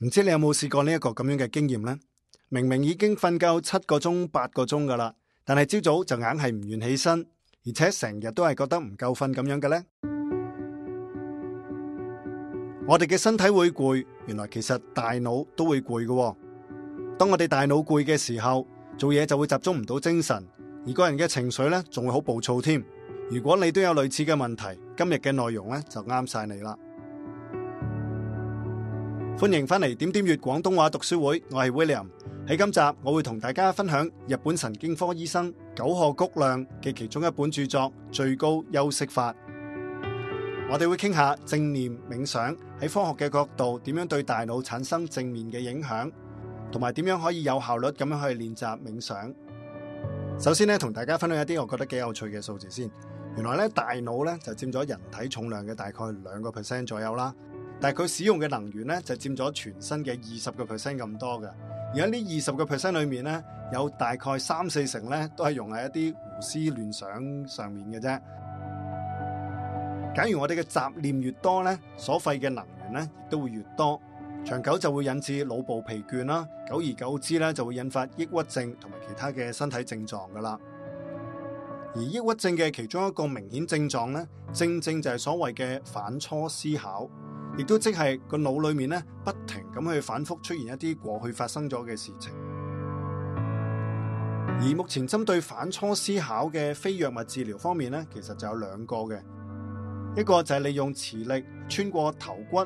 唔知你有冇試過呢一個咁樣嘅經驗呢？明明已經瞓夠七個鐘、八個鐘噶啦，但係朝早就硬係唔願起身，而且成日都係覺得唔夠瞓咁樣嘅呢。我哋嘅身體會攰，原來其實大腦都會攰嘅。當我哋大腦攰嘅時候，做嘢就會集中唔到精神，而個人嘅情緒呢，仲會好暴躁添。如果你都有類似嘅問題，今日嘅內容呢，就啱晒你啦。歡迎翻嚟《點點粵廣東話讀書會》，我係 William。喺今集，我會同大家分享日本神經科醫生九賀谷亮嘅其中一本著作《最高休息法》。我哋會傾下正念冥想喺科學嘅角度，點樣對大腦產生正面嘅影響，同埋點樣可以有效率咁樣去練習冥想。首先咧，同大家分享一啲我覺得幾有趣嘅數字先。原來咧，大腦咧就佔咗人體重量嘅大概兩個 percent 左右啦。但係佢使用嘅能源咧，就佔咗全身嘅二十個 percent 咁多嘅。而喺呢二十個 percent 裏面咧，有大概三四成咧，都係用喺一啲胡思亂想上面嘅啫。假如我哋嘅雜念越多咧，所費嘅能源咧，亦都會越多。長久就會引致腦部疲倦啦，久而久之咧，就會引發抑鬱症同埋其他嘅身體症狀噶啦。而抑鬱症嘅其中一個明顯症狀咧，正正就係所謂嘅反芻思考。亦都即係個腦裏面咧，不停咁去反覆出現一啲過去發生咗嘅事情。而目前針對反芻思考嘅非藥物治療方面咧，其實就有兩個嘅，一個就係利用磁力穿過頭骨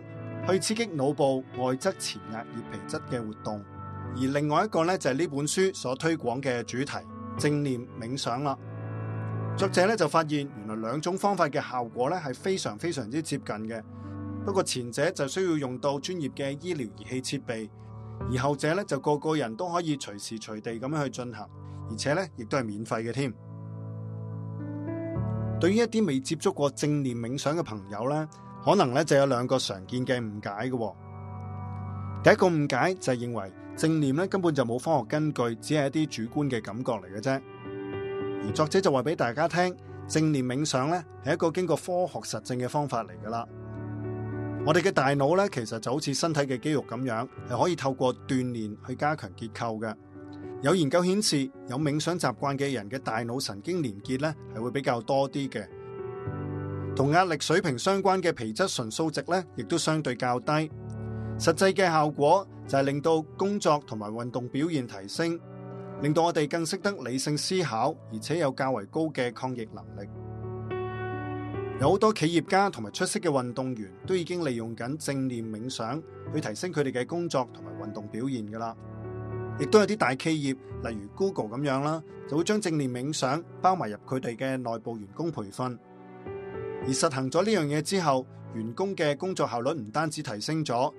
去刺激腦部外側前額葉皮質嘅活動，而另外一個咧就係呢本書所推廣嘅主題，正念冥想啦。作者咧就發現，原來兩種方法嘅效果咧係非常非常之接近嘅。不過前者就需要用到專業嘅醫療儀器設備，而後者咧就個個人都可以隨時隨地咁樣去進行，而且咧亦都係免費嘅添。對於一啲未接觸過正念冥想嘅朋友咧，可能咧就有兩個常見嘅誤解嘅。第一個誤解就係認為正念咧根本就冇科學根據，只係一啲主觀嘅感覺嚟嘅啫。而作者就話俾大家聽，正念冥想咧係一個經過科學實證嘅方法嚟噶啦。我哋嘅大腦咧，其實就好似身體嘅肌肉咁樣，係可以透過鍛煉去加強結構嘅。有研究顯示，有冥想習慣嘅人嘅大腦神經連結咧，係會比較多啲嘅。同壓力水平相關嘅皮質醇數值咧，亦都相對較低。實際嘅效果就係令到工作同埋運動表現提升，令到我哋更識得理性思考，而且有較為高嘅抗逆能力。有好多企業家同埋出色嘅運動員都已經利用緊正念冥想去提升佢哋嘅工作同埋運動表現㗎喇，亦都有啲大企業，例如 Google 咁樣啦，就會將正念冥想包埋入佢哋嘅內部員工培訓，而實行咗呢樣嘢之後，員工嘅工作效率唔單止提升咗，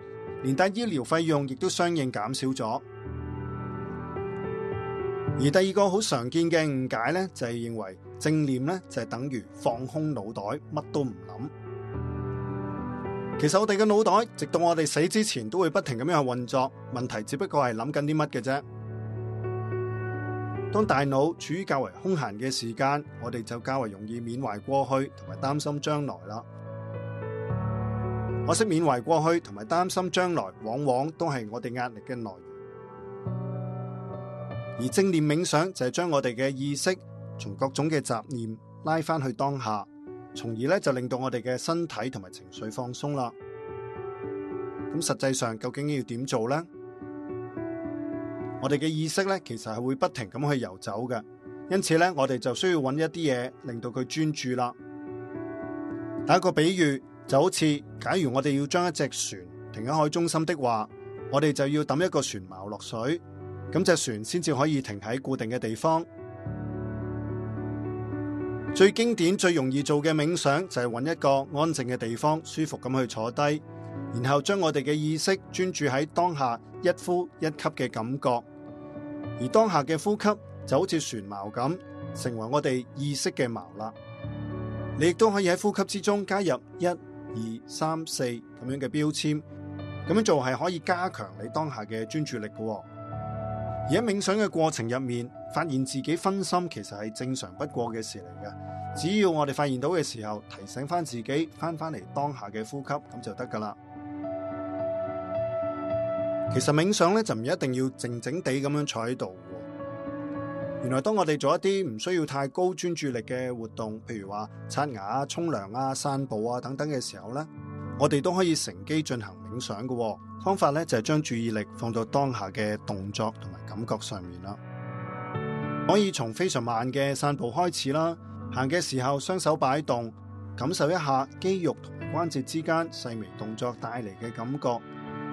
連帶醫療費用亦都相應減少咗。而第二個好常見嘅誤解呢就是認為正念呢就是等於放空腦袋，乜都唔諗。其實我們的腦袋直到我們死之前都會不停噉樣去運作，問題只不過是諗緊啲乜嘅啫。當大腦處於較為空閒的時間，我們就較為容易緬懷過去和擔心將來啦。可惜緬懷過去和擔心將來往往都是我們壓力的來源。而正念冥想就係將我哋嘅意識從各種嘅雜念拉翻去當下，從而咧，就令到我哋嘅身體同埋情緒放鬆啦。咁實際上究竟要點做呢？我哋嘅意識咧，其實係會不停咁去遊走嘅，因此咧，我哋就需要揾一啲嘢令到佢專注啦。打個比喻就好似，假如我哋要將一隻船停喺海中心的話，我哋就要抌一個船錨落水。咁隻船先至可以停喺固定嘅地方。最經典、最容易做嘅冥想就係揾一個安靜嘅地方，舒服咁去坐低，然後將我哋嘅意識專注喺當下一呼一吸嘅感覺。而當下嘅呼吸就好似船錨咁，成為我哋意識嘅錨啦。你亦都可以喺呼吸之中加入一、二、三、四咁樣嘅標籤，咁樣做係可以加強你當下嘅專注力嘅哦。而喺冥想嘅過程入面，發現自己分心其實係正常不過嘅事嚟嘅。只要我哋發現到嘅時候，提醒翻自己翻翻嚟當下嘅呼吸，咁就得噶啦。其實冥想咧就唔一定要靜靜地咁樣坐喺度。原來當我哋做一啲唔需要太高專注力嘅活動，譬如話刷牙啊、沖涼啊、散步啊等等嘅時候咧，我哋都可以乘機進行。影相嘅方法咧，就係將注意力放到當下嘅動作同埋感覺上面啦。可以從非常慢嘅散步開始啦，行嘅時候雙手擺動，感受一下肌肉同關節之間細微動作帶嚟嘅感覺，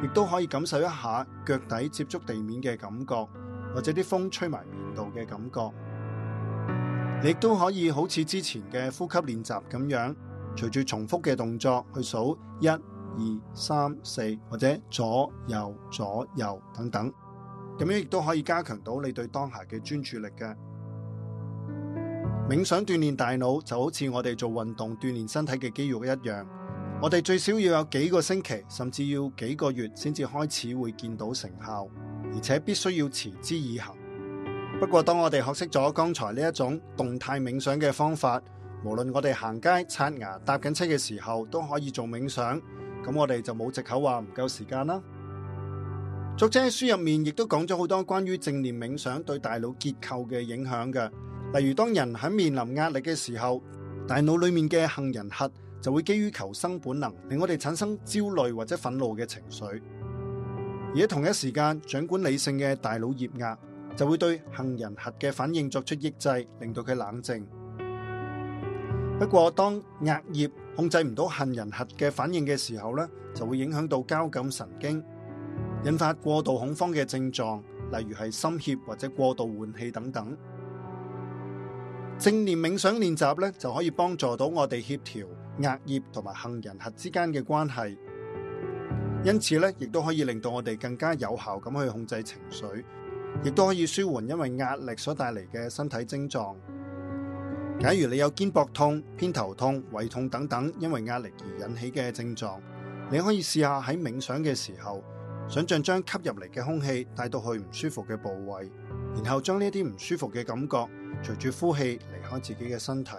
亦都可以感受一下腳底接觸地面嘅感覺，或者啲風吹埋面度嘅感覺。你都可以好似之前嘅呼吸練習咁樣，隨住重複嘅動作去數一。二三四或者左右左右等等，咁樣亦都可以加強到你對當下嘅專注力㗎。冥想鍛煉大腦，就好似我哋做運動鍛煉身體嘅肌肉一樣。我哋最少要有幾個星期，甚至要幾個月先至開始會見到成效，而且必須要持之以恒。不過當我哋學識咗剛才呢一種動態冥想嘅方法，無論我哋行街刷牙、搭緊車嘅時候，都可以做冥想。咁我哋就冇借口話唔夠時間啦。作者喺書入面亦都講咗好多關於正念冥想對大腦結構嘅影響嘅，例如當人喺面臨壓力嘅時候，大腦裏面嘅杏仁核就會基於求生本能，令我哋產生焦慮或者憤怒嘅情緒；而喺同一時間，掌管理性嘅大腦葉額就會對杏仁核嘅反應作出抑制，令到佢冷靜。不過，當額葉控制唔到杏仁核嘅反應嘅時候咧，就會影響到交感神經，引發過度恐慌嘅症狀，例如係心怯或者過度換氣等等。正念冥想練習咧，就可以幫助到我哋協調額葉同埋杏仁核之間嘅關係，因此咧，亦都可以令到我哋更加有效咁去控制情緒，亦都可以舒緩因為壓力所帶嚟嘅身體症狀。假如你有肩膊痛、偏頭痛、胃痛等等，因為壓力而引起嘅症狀，你可以試下喺冥想嘅時候，想象將吸入嚟嘅空氣帶到去唔舒服嘅部位，然後將呢啲唔舒服嘅感覺隨住呼氣離開自己嘅身體。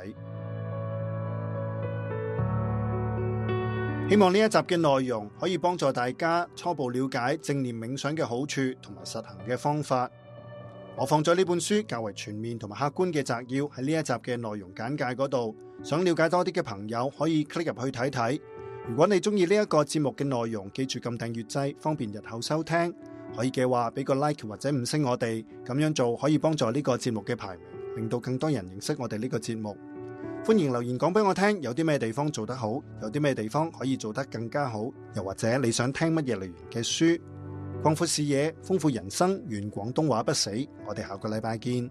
希望呢一集嘅內容可以幫助大家初步了解正念冥想嘅好處同埋實行嘅方法。我放咗呢本書較為全面同埋客觀嘅摘要喺呢一集嘅內容簡介嗰度，想了解多啲嘅朋友可以 click 入去睇睇。如果你中意呢一個節目嘅內容，記住撳訂閱掣，方便日後收聽。可以嘅話俾個 like 或者五星我哋，咁樣做可以幫助呢個節目嘅排名，令到更多人認識我哋呢個節目。歡迎留言講俾我聽，有啲咩地方做得好，有啲咩地方可以做得更加好，又或者你想聽乜嘢類型嘅書。擴闊視野，豐富人生，願廣東話不死。我哋下個禮拜見。